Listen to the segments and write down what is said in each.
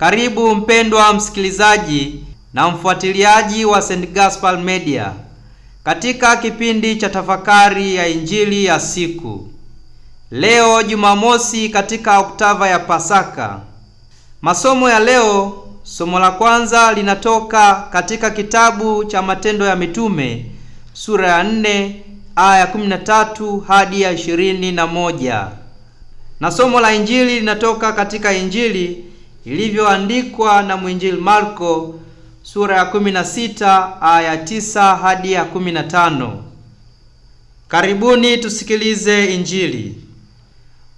Karibu mpendwa msikilizaji na mfuatiliaji wa St. Gaspar Media katika kipindi cha tafakari ya injili ya siku leo Jumamosi, katika oktava ya Pasaka. Masomo ya leo, somo la kwanza linatoka katika kitabu cha Matendo ya Mitume sura ya 4 aya 13 hadi ya 21 na somo la injili linatoka katika Injili ilivyoandikwa na mwinjili Marko sura ya 16 aya 9 hadi ya 15. Karibuni tusikilize Injili.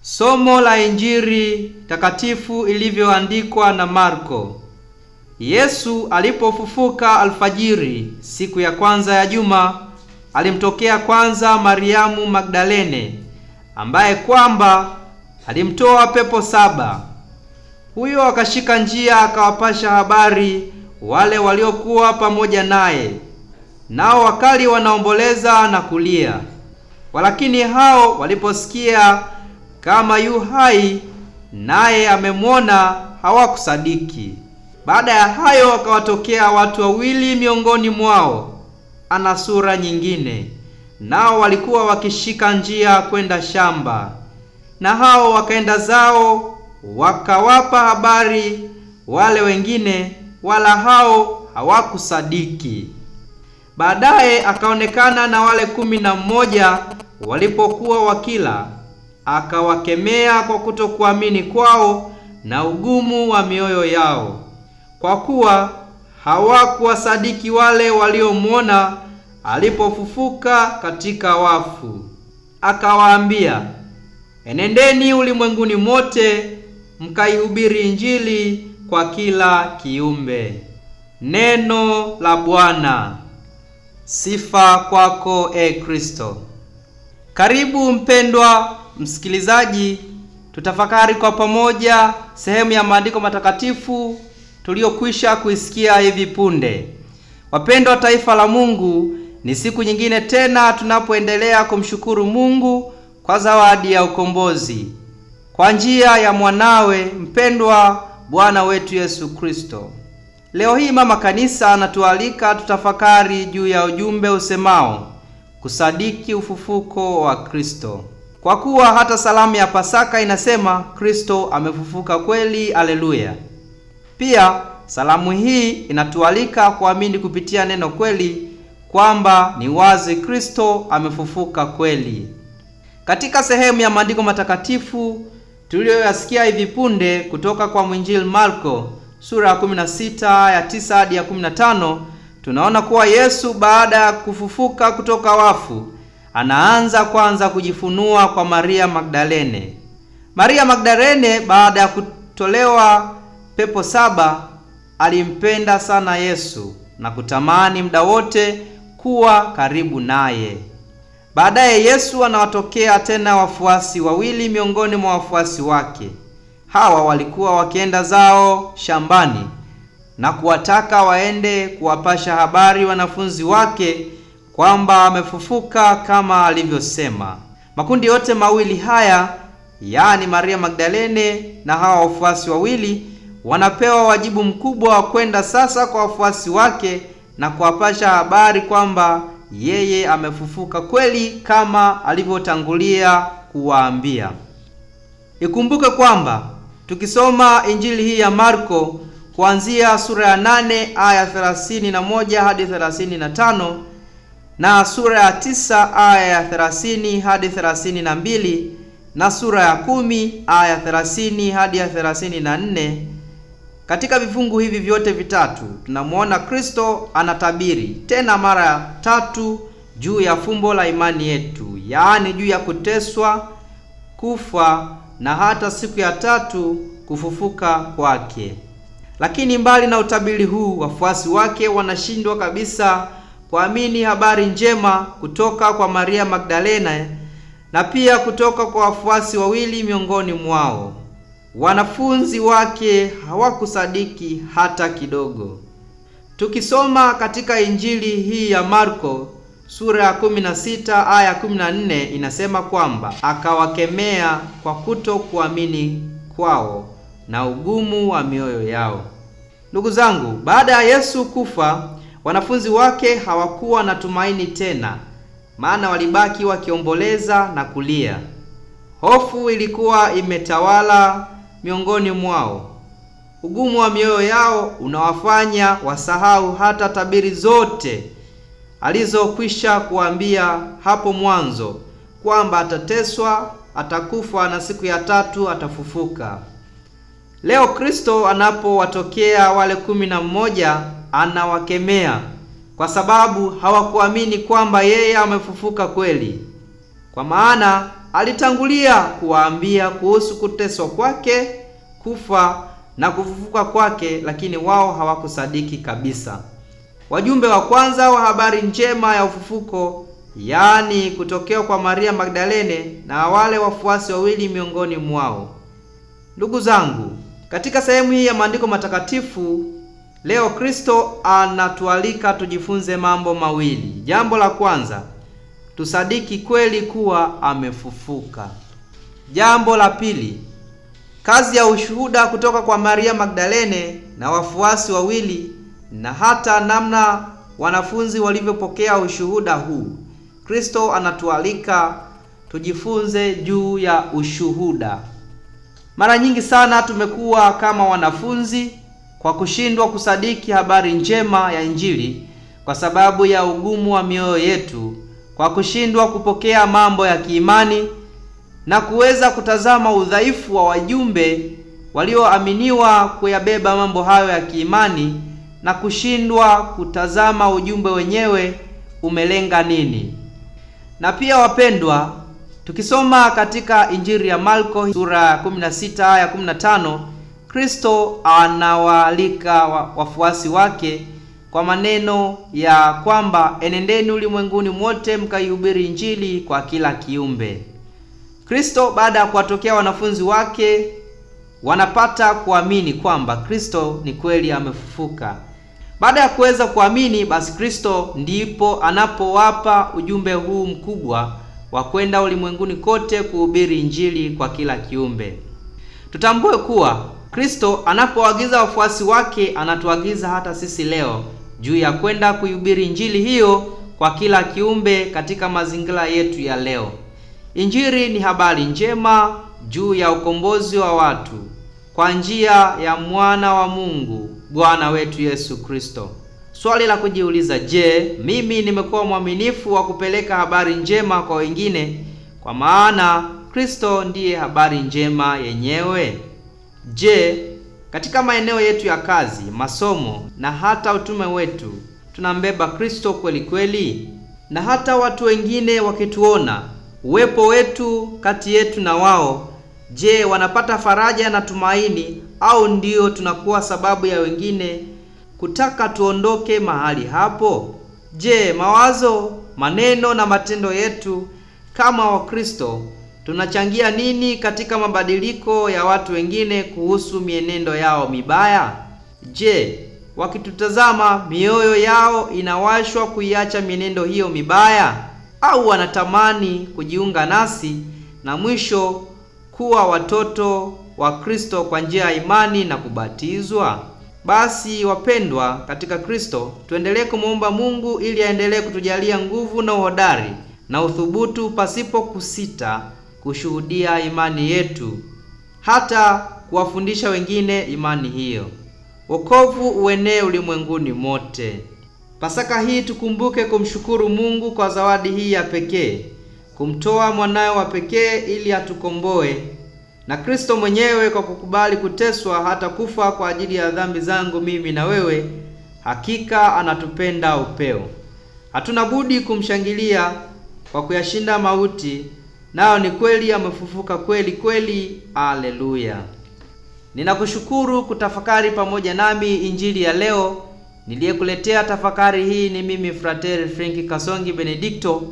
Somo la Injili takatifu ilivyoandikwa na Marko. Yesu alipofufuka alfajiri siku ya kwanza ya juma, alimtokea kwanza Mariamu Magdalene ambaye kwamba alimtoa pepo saba huyo akashika njia akawapasha habari wale waliokuwa pamoja naye, nao wakali wanaomboleza na kulia. Walakini hao waliposikia kama yu hai naye amemwona, hawakusadiki. Baada ya hayo wakawatokea watu wawili miongoni mwao, ana sura nyingine, nao walikuwa wakishika njia kwenda shamba, na hao wakaenda zao wakawapa habari wale wengine, wala hao hawakusadiki. Baadaye akaonekana na wale kumi na mmoja walipokuwa wakila, akawakemea kwa kutokuamini kwao na ugumu wa mioyo yao, kwa kuwa hawakuwasadiki wale waliomwona alipofufuka katika wafu. Akawaambia, enendeni ulimwenguni mote mkaihubiri Injili kwa kila kiumbe. Neno la Bwana. Sifa kwako e Kristo. Karibu mpendwa msikilizaji, tutafakari kwa pamoja sehemu ya maandiko matakatifu tuliyokwisha kuisikia hivi punde. Wapendwa taifa la Mungu, ni siku nyingine tena tunapoendelea kumshukuru Mungu kwa zawadi ya ukombozi kwa njia ya mwanawe mpendwa Bwana wetu Yesu Kristo. Leo hii Mama Kanisa anatualika tutafakari juu ya ujumbe usemao kusadiki ufufuko wa Kristo, kwa kuwa hata salamu ya Pasaka inasema Kristo amefufuka kweli, aleluya. Pia salamu hii inatualika kuamini kupitia neno kweli, kwamba ni wazi Kristo amefufuka kweli. Katika sehemu ya maandiko matakatifu tuliyoyasikia hivi punde kutoka kwa mwinjili Marko sura ya 16 ya 9 hadi ya 15, tunaona kuwa Yesu baada ya kufufuka kutoka wafu anaanza kwanza kujifunua kwa Maria Magdalene. Maria Magdalene baada ya kutolewa pepo saba alimpenda sana Yesu na kutamani muda wote kuwa karibu naye. Baadaye Yesu anawatokea tena wafuasi wawili miongoni mwa wafuasi wake. Hawa walikuwa wakienda zao shambani na kuwataka waende kuwapasha habari wanafunzi wake kwamba amefufuka kama alivyosema. Makundi yote mawili haya, yaani Maria Magdalene na hawa wafuasi wawili, wanapewa wajibu mkubwa wa kwenda sasa kwa wafuasi wake na kuwapasha habari kwamba yeye amefufuka kweli kama alivyotangulia kuwaambia. Ikumbuke kwamba tukisoma injili hii ya Marko kuanzia sura ya 8 aya 31 hadi 35 na sura ya 9 aya ya 30 hadi 32 na sura ya 10 aya 30 hadi ya 34 katika vifungu hivi vyote vitatu tunamwona Kristo anatabiri tena mara ya tatu juu ya fumbo la imani yetu, yaani juu ya kuteswa, kufa na hata siku ya tatu kufufuka kwake. Lakini mbali na utabiri huu, wafuasi wake wanashindwa kabisa kuamini habari njema kutoka kwa Maria Magdalena na pia kutoka kwa wafuasi wawili miongoni mwao Wanafunzi wake hawakusadiki hata kidogo. Tukisoma katika Injili hii ya Marko sura ya 16 aya 14 inasema kwamba akawakemea kwa kutokuamini kwao na ugumu wa mioyo yao. Ndugu zangu, baada ya Yesu kufa, wanafunzi wake hawakuwa na tumaini tena, maana walibaki wakiomboleza na kulia. Hofu ilikuwa imetawala miongoni mwao. Ugumu wa mioyo yao unawafanya wasahau hata tabiri zote alizokwisha kuambia hapo mwanzo kwamba atateswa, atakufa na siku ya tatu atafufuka. Leo Kristo anapowatokea wale kumi na mmoja anawakemea kwa sababu hawakuamini kwamba yeye amefufuka kweli, kwa maana alitangulia kuwaambia kuhusu kuteswa kwake, kufa na kufufuka kwake, lakini wao hawakusadiki kabisa. Wajumbe wa kwanza wa habari njema ya ufufuko, yaani kutokea kwa Maria Magdalene na wale wafuasi wawili miongoni mwao. Ndugu zangu, katika sehemu hii ya maandiko matakatifu leo, Kristo anatualika tujifunze mambo mawili. Jambo la kwanza tusadiki kweli kuwa amefufuka. Jambo la pili, kazi ya ushuhuda kutoka kwa Maria Magdalene na wafuasi wawili na hata namna wanafunzi walivyopokea ushuhuda huu. Kristo anatualika tujifunze juu ya ushuhuda. Mara nyingi sana tumekuwa kama wanafunzi kwa kushindwa kusadiki habari njema ya Injili kwa sababu ya ugumu wa mioyo yetu kwa kushindwa kupokea mambo ya kiimani na kuweza kutazama udhaifu wa wajumbe walioaminiwa kuyabeba mambo hayo ya kiimani na kushindwa kutazama ujumbe wenyewe umelenga nini. Na pia wapendwa, tukisoma katika Injili ya Marko sura ya 16 aya 15, Kristo anawaalika wafuasi wake kwa maneno ya kwamba enendeni ulimwenguni mwote mkaihubiri Injili kwa kila kiumbe. Kristo baada ya kuwatokea wanafunzi wake wanapata kuamini kwamba Kristo ni kweli amefufuka. Baada ya kuweza kuamini, basi Kristo ndipo anapowapa ujumbe huu mkubwa wa kwenda ulimwenguni kote kuhubiri Injili kwa kila kiumbe. Tutambue kuwa Kristo anapoagiza wafuasi wake anatuagiza hata sisi leo juu ya kwenda kuihubiri injili hiyo kwa kila kiumbe katika mazingira yetu ya leo. Injili ni habari njema juu ya ukombozi wa watu kwa njia ya mwana wa Mungu Bwana wetu Yesu Kristo. Swali la kujiuliza, je, mimi nimekuwa mwaminifu wa kupeleka habari njema kwa wengine? Kwa maana Kristo ndiye habari njema yenyewe. Je, katika maeneo yetu ya kazi, masomo na hata utume wetu tunambeba Kristo kweli kweli? Na hata watu wengine wakituona, uwepo wetu kati yetu na wao, je, wanapata faraja na tumaini, au ndio tunakuwa sababu ya wengine kutaka tuondoke mahali hapo? Je, mawazo, maneno na matendo yetu kama Wakristo Tunachangia nini katika mabadiliko ya watu wengine kuhusu mienendo yao mibaya? Je, wakitutazama mioyo yao inawashwa kuiacha mienendo hiyo mibaya au wanatamani kujiunga nasi na mwisho kuwa watoto wa Kristo kwa njia ya imani na kubatizwa? Basi wapendwa katika Kristo, tuendelee kumwomba Mungu ili aendelee kutujalia nguvu na uhodari na uthubutu pasipo kusita kushuhudia imani yetu, hata kuwafundisha wengine imani hiyo. Wokovu uenee ulimwenguni mote. Pasaka hii tukumbuke kumshukuru Mungu kwa zawadi hii ya pekee, kumtoa mwanawe wa pekee ili atukomboe, na Kristo mwenyewe kwa kukubali kuteswa hata kufa kwa ajili ya dhambi zangu mimi na wewe. Hakika anatupenda upeo. Hatuna budi kumshangilia kwa kuyashinda mauti nayo ni kweli, amefufuka kweli kweli. Haleluya! Ninakushukuru kutafakari pamoja nami injili ya leo. Niliyekuletea tafakari hii ni mimi Frateri Frenki Kasongi Benedikto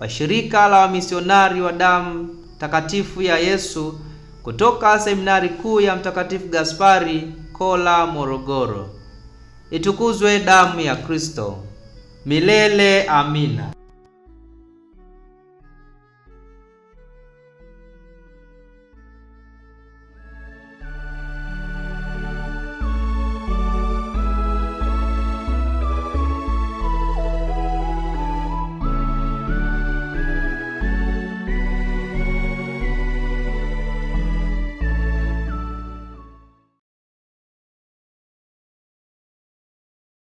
wa shirika la wamisionari wa damu takatifu ya Yesu kutoka seminari kuu ya Mtakatifu Gaspari Kola, Morogoro. Itukuzwe damu ya Kristo! Milele amina.